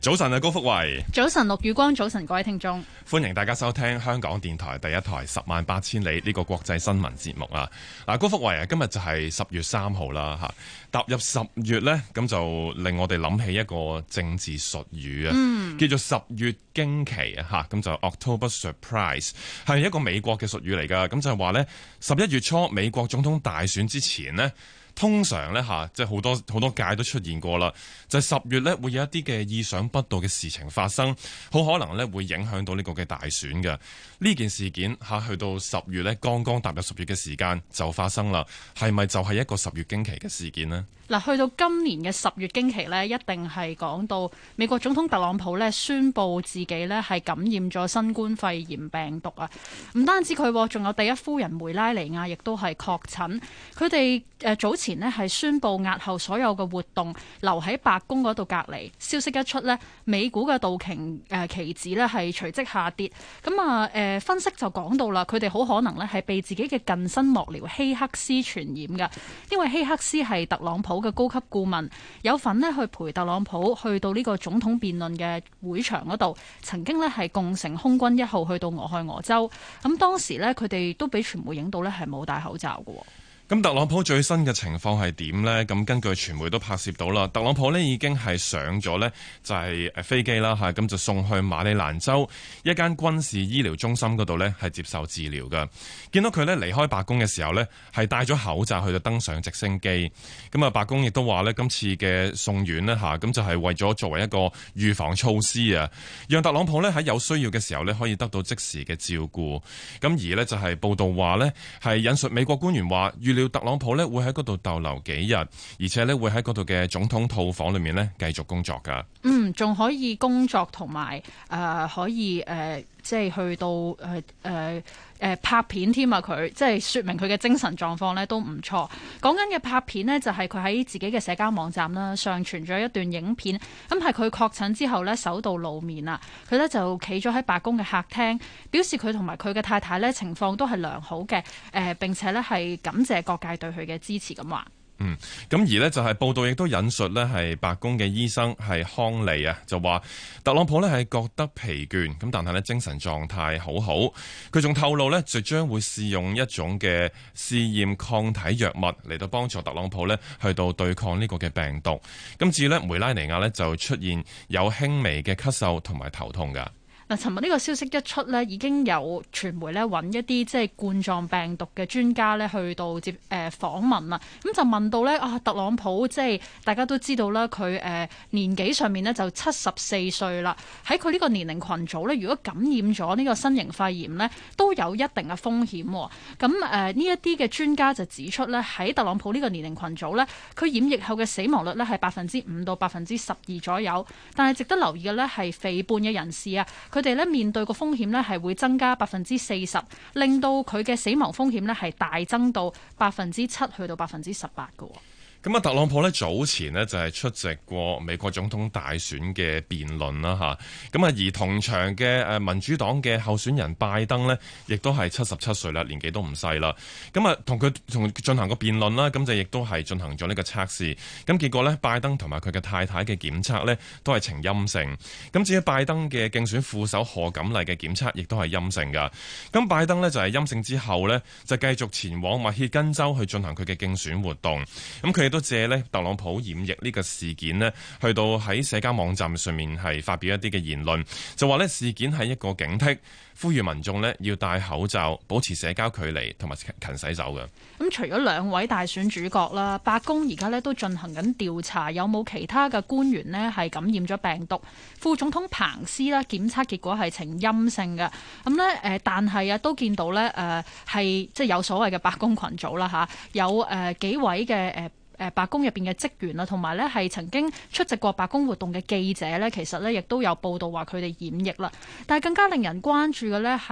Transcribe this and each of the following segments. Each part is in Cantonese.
早晨啊，高福維。早晨，陸宇光。早晨，各位聽眾。歡迎大家收聽香港電台第一台《十萬八千里》呢個國際新聞節目啊。嗱，高福維啊，今日就係十月三號啦，吓。踏入十月咧，咁就令我哋諗起一個政治術語啊，嗯、叫做十月驚奇啊，吓。咁就 October Surprise，係一個美國嘅術語嚟噶。咁就係話咧，十一月初美國總統大選之前呢。通常咧嚇，即係好多好多屆都出現過啦。就係十月咧，會有一啲嘅意想不到嘅事情發生，好可能咧會影響到呢個嘅大選嘅呢件事件嚇，去到十月咧，剛剛踏入十月嘅時間就發生啦，係咪就係一個十月驚奇嘅事件呢？嗱，去到今年嘅十月驚奇咧，一定係講到美國總統特朗普咧宣布自己咧係感染咗新冠肺炎病毒啊！唔單止佢，仲有第一夫人梅拉尼亞亦都係確診。佢哋誒早前咧係宣布押後所有嘅活動，留喺白宮嗰度隔離。消息一出咧，美股嘅道瓊誒、呃、期指咧係隨即下跌。咁啊誒分析就講到啦，佢哋好可能咧係被自己嘅近身幕僚希克斯傳染嘅，因為希克斯係特朗普。嘅高級顧問有份咧去陪特朗普去到呢個總統辯論嘅會場嗰度，曾經咧係共乘空軍一號去到俄亥俄州，咁當時咧佢哋都俾傳媒影到呢係冇戴口罩嘅，哦。咁特朗普最新嘅情況係點咧？咁根據傳媒都拍攝到啦，特朗普咧已經係上咗咧就係飛機啦吓，咁就送去馬里蘭州一間軍事醫療中心嗰度咧係接受治療噶。見到佢咧離開白宮嘅時候咧，係戴咗口罩去到登上直升機，咁啊，白宮亦都話咧，今次嘅送院咧吓，咁就係為咗作為一個預防措施啊，讓特朗普咧喺有需要嘅時候咧可以得到即時嘅照顧，咁而咧就係報道話咧，係引述美國官員話。要特朗普呢會喺嗰度逗留幾日，而且呢會喺嗰度嘅總統套房裏面呢繼續工作㗎。嗯，仲可以工作同埋誒，可以誒。呃即係去到誒誒誒拍片添啊！佢即係説明佢嘅精神狀況咧都唔錯。講緊嘅拍片呢，就係佢喺自己嘅社交網站啦，上傳咗一段影片。咁係佢確診之後呢，首度露面啦。佢呢就企咗喺白宮嘅客廳，表示佢同埋佢嘅太太呢情況都係良好嘅誒、呃，並且呢，係感謝各界對佢嘅支持咁話。嗯，咁而呢，就係報道亦都引述呢，係白宮嘅醫生係康利啊，就話特朗普呢係覺得疲倦，咁但係呢精神狀態好好。佢仲透露呢，就將會試用一種嘅試驗抗體藥物嚟到幫助特朗普呢去到對抗呢個嘅病毒。咁至於梅拉尼亞呢，就出現有輕微嘅咳嗽同埋頭痛噶。嗱，尋日呢個消息一出呢，已經有傳媒咧揾一啲即係冠狀病毒嘅專家咧去到接誒、呃、訪問啦。咁就問到咧啊，特朗普即係大家都知道啦，佢誒、呃、年紀上面呢就七十四歲啦。喺佢呢個年齡群組咧，如果感染咗呢個新型肺炎呢，都有一定嘅風險，哦。咁誒呢一啲嘅專家就指出咧，喺特朗普呢個年齡群組咧，佢染疫後嘅死亡率咧係百分之五到百分之十二左右。但係值得留意嘅咧係肥胖嘅人士啊，佢哋咧面對個風險咧，係會增加百分之四十，令到佢嘅死亡風險咧係大增到百分之七去到百分之十八㗎喎。咁啊，特朗普咧早前咧就係出席過美國總統大選嘅辯論啦嚇。咁啊，而同場嘅誒民主黨嘅候選人拜登咧，亦都係七十七歲啦，年紀都唔細啦。咁啊，同佢同進行個辯論啦，咁就亦都係進行咗呢個測試。咁結果咧，拜登同埋佢嘅太太嘅檢測咧都係呈陰性。咁至於拜登嘅競選副手賀錦麗嘅檢測，亦都係陰性噶。咁拜登咧就係陰性之後咧，就繼續前往密歇根州去進行佢嘅競選活動。咁佢，都借咧特朗普染疫呢個事件咧，去到喺社交網站上面係發表一啲嘅言論，就話咧事件係一個警惕，呼籲民眾咧要戴口罩，保持社交距離同埋勤洗手嘅。咁除咗兩位大選主角啦，白宮而家咧都進行緊調查，有冇其他嘅官員咧係感染咗病毒？副總統彭斯咧檢測結果係呈陰性嘅。咁咧誒，但係啊，都見到咧誒係即係有所謂嘅白宮群組啦吓，有誒幾位嘅誒。誒，白宮入邊嘅職員啦，同埋咧係曾經出席過白宮活動嘅記者咧，其實咧亦都有報道話佢哋染疫啦。但係更加令人關注嘅咧係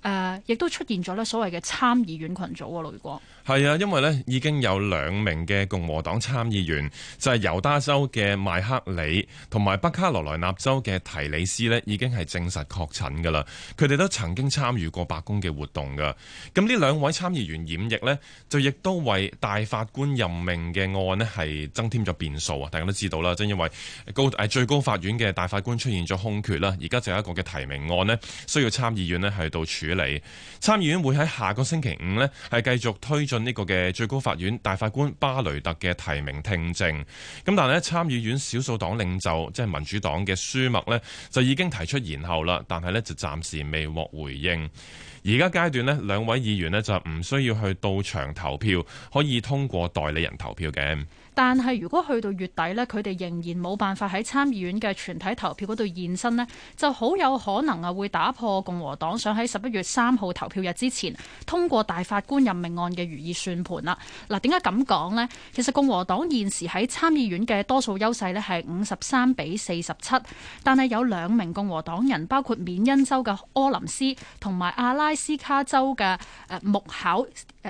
誒，亦、呃、都出現咗咧所謂嘅參議院群組啊，如果。係啊，因為呢已經有兩名嘅共和黨參議員，就係、是、猶他州嘅麥克里同埋北卡羅來納州嘅提里斯呢已經係證實確診㗎啦。佢哋都曾經參與過白宮嘅活動㗎。咁呢兩位參議員染疫呢，就亦都為大法官任命嘅案呢係增添咗變數啊！大家都知道啦，即、就是、因為高誒最高法院嘅大法官出現咗空缺啦，而家就有一個嘅提名案呢，需要參議院呢去到處理。參議院會喺下個星期五呢，係繼續推出進呢個嘅最高法院大法官巴雷特嘅提名聽證，咁但係呢，參議院少數黨領袖即係民主黨嘅舒默呢，就已經提出延後啦，但係呢就暫時未獲回應。而家階段呢，兩位議員呢就唔需要去到場投票，可以通過代理人投票嘅。但係如果去到月底，呢佢哋仍然冇辦法喺參議院嘅全體投票嗰度現身，呢就好有可能啊會打破共和黨想喺十一月三號投票日之前通過大法官任命案嘅如意算盤啦。嗱，點解咁講呢？其實共和黨現時喺參議院嘅多數優勢呢係五十三比四十七，但係有兩名共和黨人，包括緬因州嘅柯林斯同埋阿拉斯加州嘅誒、呃、木考。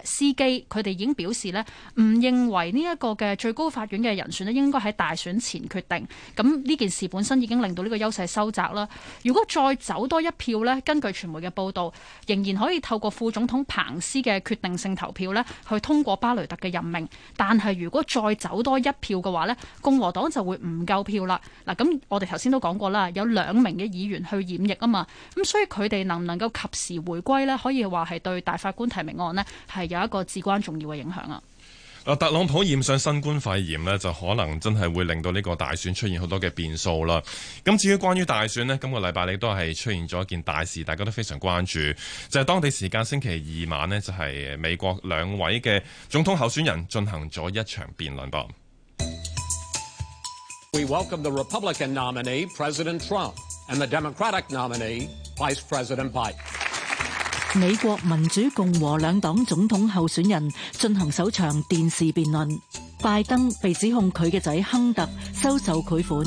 司機佢哋已經表示呢，唔認為呢一個嘅最高法院嘅人選呢應該喺大選前決定。咁呢件事本身已經令到呢個優勢收窄啦。如果再走多一票呢，根據傳媒嘅報道，仍然可以透過副總統彭斯嘅決定性投票呢去通過巴雷特嘅任命。但係如果再走多一票嘅話呢，共和黨就會唔夠票啦。嗱，咁我哋頭先都講過啦，有兩名嘅議員去染疫啊嘛。咁所以佢哋能唔能夠及時回歸呢？可以話係對大法官提名案呢。係。係有一個至關重要嘅影響啊！特朗普染上新冠肺炎呢，就可能真係會令到呢個大選出現好多嘅變數啦。咁至於關於大選呢，今個禮拜你都係出現咗一件大事，大家都非常關注，就係當地時間星期二晚呢，就係美國兩位嘅總統候選人進行咗一場辯論噃。We welcome the Republican nominee President Trump and the Democratic nominee Vice President Biden. 美國民主共和兩黨總統候選人進行首場電視辯論，拜登被指控佢嘅仔亨特收受賄款。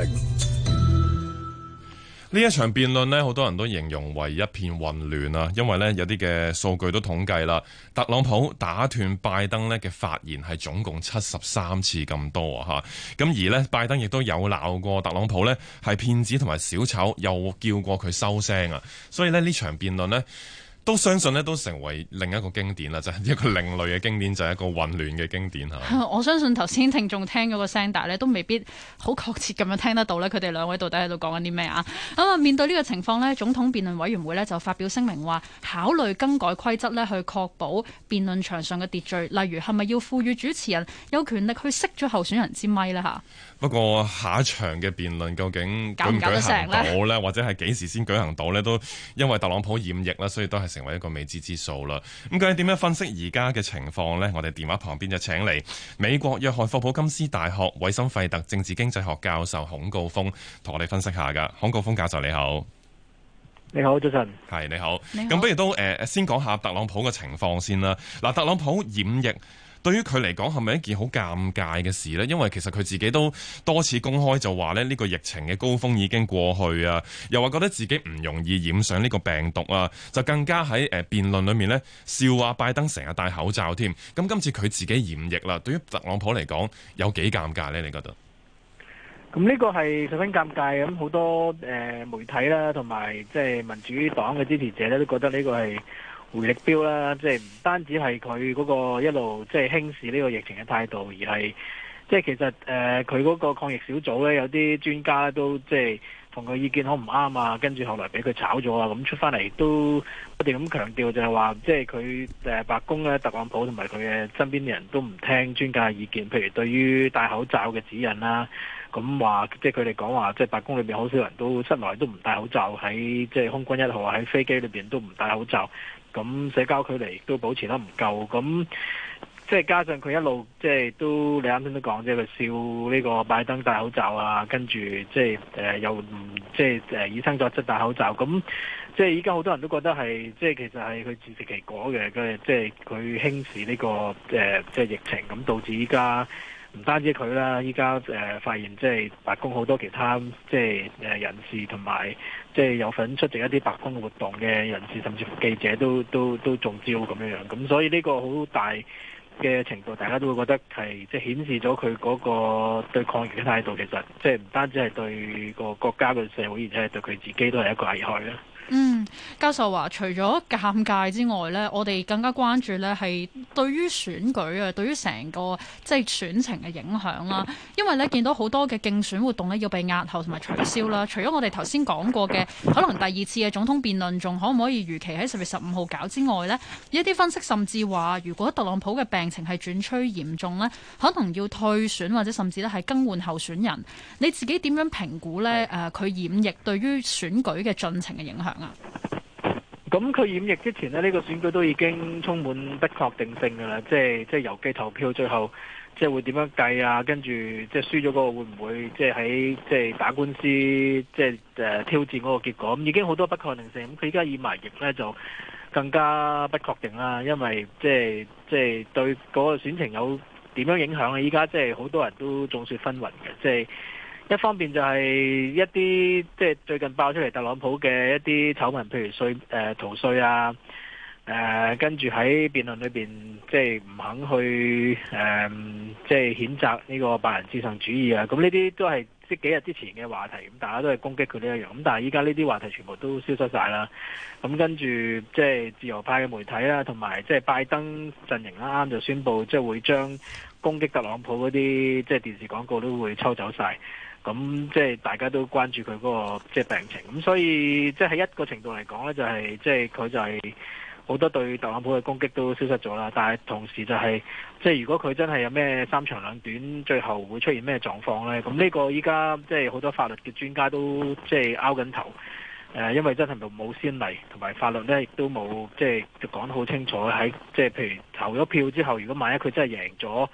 呢一場辯論呢，好多人都形容為一片混亂啊，因為呢有啲嘅數據都統計啦，特朗普打斷拜登呢嘅發言係總共七十三次咁多吓，咁而呢拜登亦都有鬧過特朗普呢係騙子同埋小丑，又叫過佢收聲啊，所以呢呢場辯論呢。都相信呢，都成為另一個經典啦，就係一個另類嘅經典，就係一個混亂嘅經典嚇、嗯。我相信頭先聽眾聽咗個聲帶咧，都未必好確切咁樣聽得到呢，佢哋兩位到底喺度講緊啲咩啊？咁啊，面對呢個情況呢，總統辯論委員會呢，就發表聲明話，考慮更改規則呢，去確保辯論場上嘅秩序，例如係咪要賦予主持人有權力去熄咗候選人之咪呢？嚇。不過下一場嘅辯論究竟搞唔搞得成呢，或者係幾時先舉行到呢？都因為特朗普染疫啦，所以都係。成為一個未知之數啦。咁究竟點樣分析而家嘅情況呢？我哋電話旁邊就請嚟美國約翰霍普金斯大學韋森費特政治經濟學教授孔誥烽，同我哋分析下噶。孔誥烽教授你好，你好早晨，係你好。咁好不如都誒、呃、先講下特朗普嘅情況先啦。嗱、啊，特朗普染疫。對於佢嚟講係咪一件好尷尬嘅事呢？因為其實佢自己都多次公開就話咧呢個疫情嘅高峰已經過去啊，又話覺得自己唔容易染上呢個病毒啊，就更加喺誒、呃、辯論裏面呢笑話拜登成日戴口罩添。咁今次佢自己染疫啦，對於特朗普嚟講有幾尷尬呢？你覺得？咁呢個係十分尷尬，咁好多誒媒體啦，同埋即係民主黨嘅支持者呢，都覺得呢個係。回力標啦，即係唔單止係佢嗰個一路即係輕視呢個疫情嘅態度，而係即係其實誒佢嗰個抗疫小組咧，有啲專家都即係同佢意見好唔啱啊，跟住後來俾佢炒咗啊，咁、嗯、出翻嚟都不斷咁強調就係話，即係佢誒白宮咧，特朗普同埋佢嘅身邊嘅人都唔聽專家嘅意見，譬如對於戴口罩嘅指引啦、啊，咁話即係佢哋講話，即係白宮裏邊好少人都室內都唔戴口罩，喺即係空軍一號喺飛機裏邊都唔戴口罩。咁、嗯、社交距離都保持得唔夠，咁、嗯、即係加上佢一路即係都你啱先都講，即係佢笑呢個拜登戴口罩啊，跟住即係誒、呃、又唔即係誒以身作則戴口罩，咁、嗯、即係依家好多人都覺得係即係其實係佢自食其果嘅，嘅即係佢輕視呢、這個誒、呃、即係疫情，咁、嗯、導致依家。唔單止佢啦，依家誒發現即係白宮好多其他即係誒人士同埋即係有份出席一啲白宮活動嘅人士，甚至乎記者都都都中招咁樣樣。咁所以呢個好大嘅程度，大家都會覺得係即係顯示咗佢嗰個對抗疫嘅態度，其實即係唔單止係對個國家嘅社會，而且係對佢自己都係一個危害啦。嗯，教授話、啊、除咗尷尬之外呢，我哋更加關注呢係對於選舉啊，對於成個即係選情嘅影響啦。因為呢，見到好多嘅競選活動呢要被押後同埋取消啦。除咗我哋頭先講過嘅可能第二次嘅總統辯論仲可唔可以如期喺十月十五號搞之外呢，一啲分析甚至話如果特朗普嘅病情係轉趨嚴重呢，可能要退選或者甚至咧係更換候選人。你自己點樣評估呢？誒、呃，佢染疫對於選舉嘅進程嘅影響？咁佢染疫之前呢，呢、呢個選舉都已經充滿不確定性噶啦，即係即係郵寄投票最後即係會點樣計啊？跟住即係輸咗嗰個會唔會即係喺即係打官司即係誒、呃、挑戰嗰個結果？咁已經好多不確定性。咁佢依家染埋疫呢，就更加不確定啦。因為即係即係對嗰個選情有點樣影響啊？依家即係好多人都眾說紛紜嘅，即係。一方面就係一啲即係最近爆出嚟特朗普嘅一啲醜聞，譬如稅、呃、逃稅啊，誒跟住喺辯論裏邊即係唔肯去誒即係譴責呢個白人至上主義啊，咁呢啲都係即係幾日之前嘅話題，咁大家都係攻擊佢呢一樣，咁但係依家呢啲話題全部都消失晒啦，咁跟住即係自由派嘅媒體啦、啊，同埋即係拜登陣營啦、啊，啱就宣布即係會將攻擊特朗普嗰啲即係電視廣告都會抽走晒。咁、嗯、即係大家都關注佢嗰、那個即係病情，咁、嗯、所以即係一個程度嚟講呢，就係、是、即係佢就係好多對特朗普嘅攻擊都消失咗啦。但係同時就係、是、即係如果佢真係有咩三長兩短，最後會出現咩狀況呢？咁、嗯、呢、這個依家即係好多法律嘅專家都即係拗緊頭，誒、呃，因為真係冇先例，同埋法律呢亦都冇即係就講得好清楚喺即係譬如投咗票之後，如果萬一佢真係贏咗。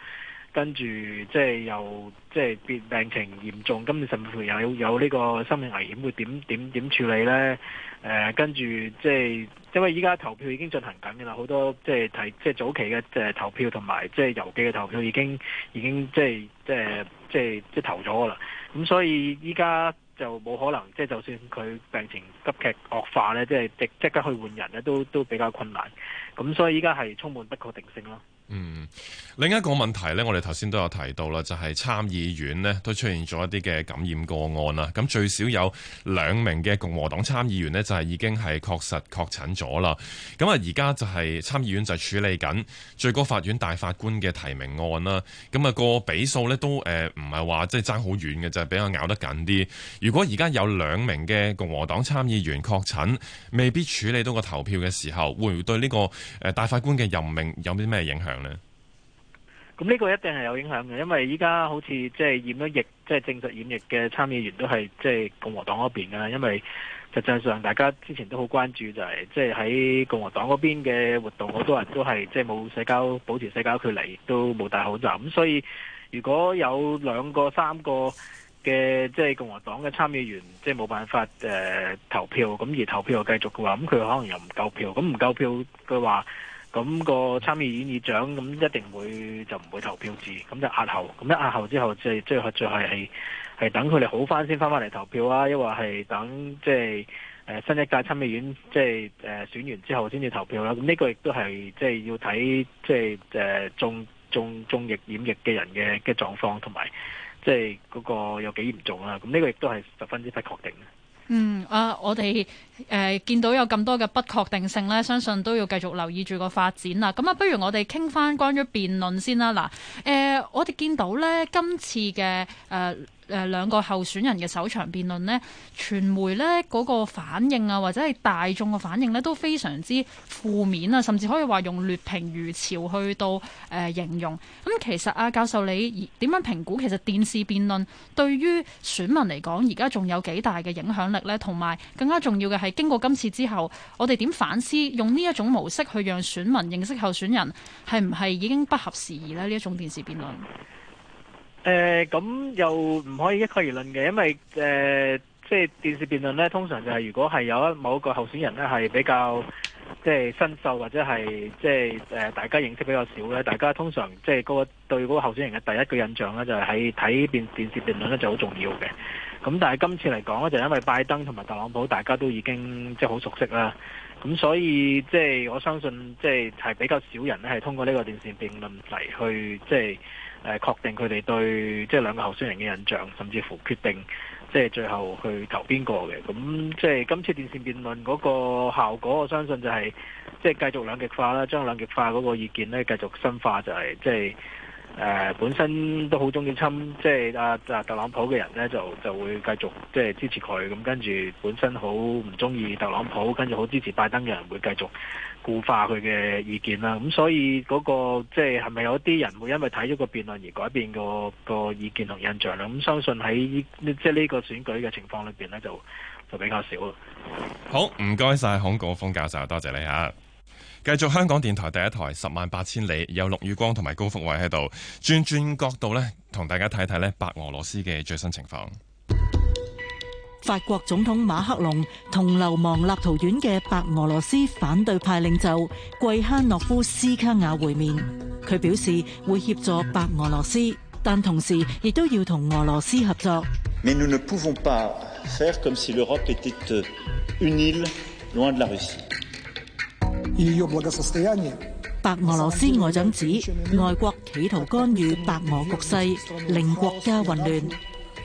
跟住即係又即係變病情嚴重，跟住甚至乎有有呢個生命危險，會點點點處理呢？誒、呃，跟住即係因為依家投票已經進行緊㗎喇，好多即係提即係、即係、早期嘅即係投票同埋即係郵寄嘅投票已經已經即係即係即係即投咗㗎喇。咁所以依家就冇可能，即、就、係、是、就算佢病情急劇惡化呢，即係即即刻去換人呢，都都比較困難。咁所以依家係充滿不確定性咯。嗯，另一個問題咧，我哋頭先都有提到啦，就係參議院咧都出現咗一啲嘅感染個案啦。咁最少有兩名嘅共和黨參議員咧，就係已經係確實確診咗啦。咁啊，而家就係參議院就處理緊最高法院大法官嘅提名案啦。咁啊個比數咧都誒唔係話即係爭好遠嘅，就係比較咬得緊啲。如果而家有兩名嘅共和黨參議員確診，未必處理到個投票嘅時候，會唔會對呢個誒大法官嘅任命有啲咩影響？咁呢個一定係有影響嘅，因為依家好似即係染咗疫，即、就、係、是、證實染疫嘅參議員都係即係共和黨嗰邊噶啦，因為實際上大家之前都好關注，就係即係喺共和黨嗰邊嘅活動，好多人都係即係冇社交保持社交距離，都冇戴口罩。咁。所以如果有兩個、三個嘅即係共和黨嘅參議員即係冇辦法誒、呃、投票，咁而投票又繼續嘅話，咁佢可能又唔夠票，咁唔夠票嘅話。咁個參議院議長咁一定會就唔會投票至，咁就押後。咁一押後之後，即係最後最後係係等佢哋好翻先，翻翻嚟投票啊，抑或係等即係誒新一屆參議院即係誒選完之後先至投票啦。咁呢個亦都係即係要睇即係誒中中中疫染疫嘅人嘅嘅狀況，同埋即係嗰個有幾嚴重啦。咁呢個亦都係十分之不確定嘅。嗯啊，我哋誒、呃、見到有咁多嘅不確定性呢，相信都要繼續留意住個發展啦。咁啊，不如我哋傾翻關於辯論先啦。嗱，誒、呃，我哋見到呢今次嘅誒。呃誒、呃、兩個候選人嘅首場辯論咧，傳媒咧嗰、那個反應啊，或者係大眾嘅反應咧，都非常之負面啊，甚至可以話用劣評如潮去到誒、呃、形容。咁、嗯、其實啊，教授你點樣評估其實電視辯論對於選民嚟講，而家仲有幾大嘅影響力呢？同埋更加重要嘅係經過今次之後，我哋點反思用呢一種模式去讓選民認識候選人係唔係已經不合時宜呢？呢一種電視辯論。誒咁、呃、又唔可以一概而論嘅，因為誒即係電視辯論呢，通常就係如果係有一某一個候選人呢，係比較即係新秀或者係即係誒大家認識比較少呢，大家通常即係嗰個對嗰個候選人嘅第一個印象呢，就係喺睇電電視辯論呢就好重要嘅。咁但係今次嚟講呢，即係、因為拜登同埋特朗普大家都已經即係好熟悉啦，咁所以即係、即係、我相信即係係比較少人呢，係通過呢個電視辯論嚟去即係。即係誒確定佢哋對即係兩個候選人嘅印象，甚至乎決定即係最後去投邊個嘅。咁即係今次電視辯論嗰個效果，我相信就係、是、即係繼續兩極化啦，將兩極化嗰個意見呢繼續深化，就係、是、即係誒、呃、本身都好中意侵即係啊啊特朗普嘅人呢，就就會繼續即係支持佢。咁跟住本身好唔中意特朗普，跟住好支持拜登嘅人會繼續。固化佢嘅意見啦，咁所以嗰，嗰個即係係咪有啲人會因為睇咗個辯論而改變個個意見同印象咧？咁，嗯、相信喺呢即係呢個選舉嘅情況裏邊呢，就就比較少咯。好，唔該晒，孔誥烽教授，多謝你嚇。繼續香港電台第一台十萬八千里，有陸宇光同埋高福偉喺度轉轉角度呢，同大家睇睇呢白俄羅斯嘅最新情況。法國總統馬克龍同流亡立陶宛嘅白俄羅斯反對派領袖貴哈諾夫斯卡亞會面，佢表示會協助白俄羅斯，但同時亦都要同俄羅斯合作。白俄羅斯外長指外國企圖干預白俄局勢，令國家混亂。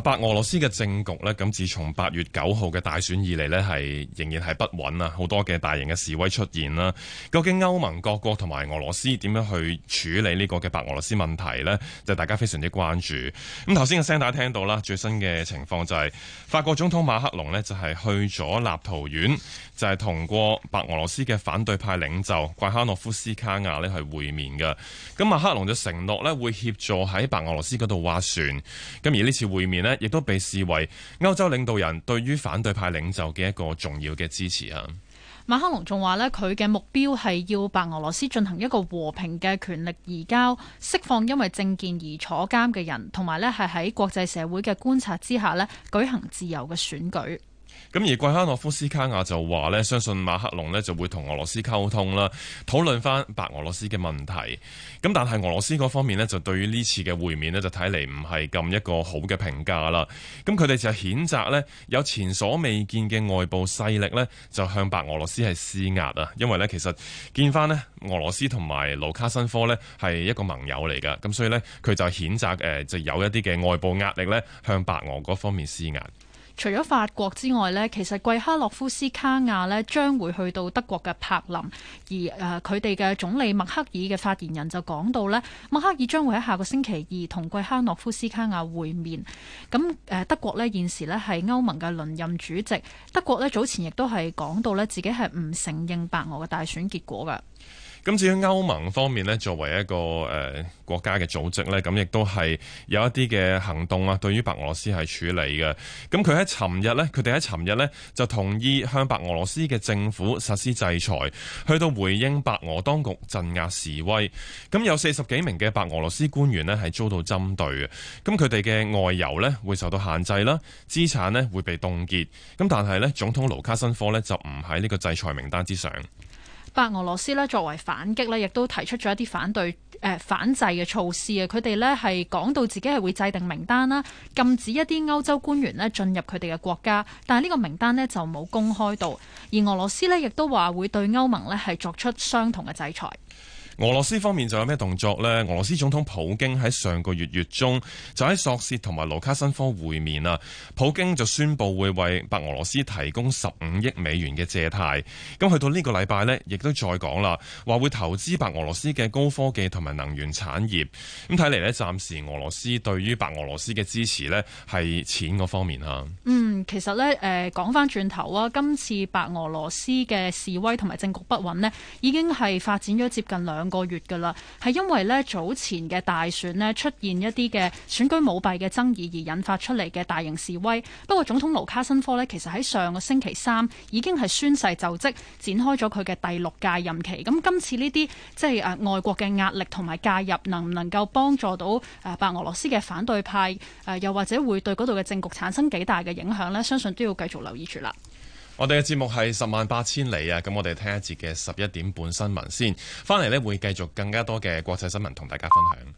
白俄羅斯嘅政局呢，咁自從八月九號嘅大選以嚟呢，係仍然係不穩啊，好多嘅大型嘅示威出現啦。究竟歐盟各國同埋俄羅斯點樣去處理呢個嘅白俄羅斯問題呢？就大家非常之關注。咁頭先嘅聲大家聽到啦，最新嘅情況就係法國總統馬克龍呢，就係去咗立陶宛，就係同過白俄羅斯嘅反對派領袖怪哈諾夫斯卡亞呢，係會面嘅。咁馬克龍就承諾呢會協助喺白俄羅斯嗰度斡旋。咁而呢次會面呢亦都被視為歐洲領導人對於反對派領袖嘅一個重要嘅支持啊！馬克龍仲話呢，佢嘅目標係要白俄羅斯進行一個和平嘅權力移交，釋放因為政見而坐監嘅人，同埋呢係喺國際社會嘅觀察之下呢舉行自由嘅選舉。咁而桂哈諾夫斯卡亞就話咧，相信馬克龍咧就會同俄羅斯溝通啦，討論翻白俄羅斯嘅問題。咁但係俄羅斯嗰方面咧，就對於呢次嘅會面咧，就睇嚟唔係咁一個好嘅評價啦。咁佢哋就譴責咧有前所未見嘅外部勢力咧，就向白俄羅斯係施壓啊。因為咧其實見翻咧俄羅斯同埋盧卡申科咧係一個盟友嚟㗎，咁所以咧佢就譴責誒就有一啲嘅外部壓力咧向白俄嗰方面施壓。除咗法國之外呢，其實貴哈洛夫斯卡亞咧將會去到德國嘅柏林，而誒佢哋嘅總理默克爾嘅發言人就講到呢，默克爾將會喺下個星期二同貴哈洛夫斯卡亞會面。咁、嗯、誒德國呢，現時咧係歐盟嘅輪任主席，德國呢，早前亦都係講到呢自己係唔承認白俄嘅大選結果嘅。咁至於歐盟方面呢，作為一個誒、呃、國家嘅組織呢，咁亦都係有一啲嘅行動啊，對於白俄羅斯係處理嘅。咁佢喺尋日呢，佢哋喺尋日呢就同意向白俄羅斯嘅政府實施制裁。去到回應白俄當局鎮壓示威，咁有四十幾名嘅白俄羅斯官員呢係遭到針對嘅。咁佢哋嘅外遊呢會受到限制啦，資產呢會被凍結。咁但係呢，總統盧卡申科呢就唔喺呢個制裁名單之上。白俄羅斯咧作為反擊咧，亦都提出咗一啲反對誒、呃、反制嘅措施啊！佢哋咧係講到自己係會制定名單啦，禁止一啲歐洲官員咧進入佢哋嘅國家，但係呢個名單咧就冇公開到。而俄羅斯咧亦都話會對歐盟咧係作出相同嘅制裁。俄羅斯方面就有咩動作呢？俄羅斯總統普京喺上個月月中就喺索契同埋盧卡申科會面啦。普京就宣布會為白俄羅斯提供十五億美元嘅借貸。咁去到呢個禮拜呢，亦都再講啦，話會投資白俄羅斯嘅高科技同埋能源產業。咁睇嚟呢，暫時俄羅斯對於白俄羅斯嘅支持呢係錢嗰方面吓。嗯，其實呢，誒、呃，講翻轉頭啊，今次白俄羅斯嘅示威同埋政局不穩呢，已經係發展咗接近兩。個月噶啦，係因為咧，早前嘅大選呢，出現一啲嘅選舉舞弊嘅爭議而引發出嚟嘅大型示威。不過總統盧卡申科呢，其實喺上個星期三已經係宣誓就職，展開咗佢嘅第六屆任期。咁今次呢啲即係誒、呃、外國嘅壓力同埋介入，能唔能夠幫助到誒白、呃、俄羅斯嘅反對派？誒、呃、又或者會對嗰度嘅政局產生幾大嘅影響呢？相信都要繼續留意住啦。我哋嘅節目係十萬八千里啊！咁我哋聽一節嘅十一點半新聞先，翻嚟呢會繼續更加多嘅國際新聞同大家分享。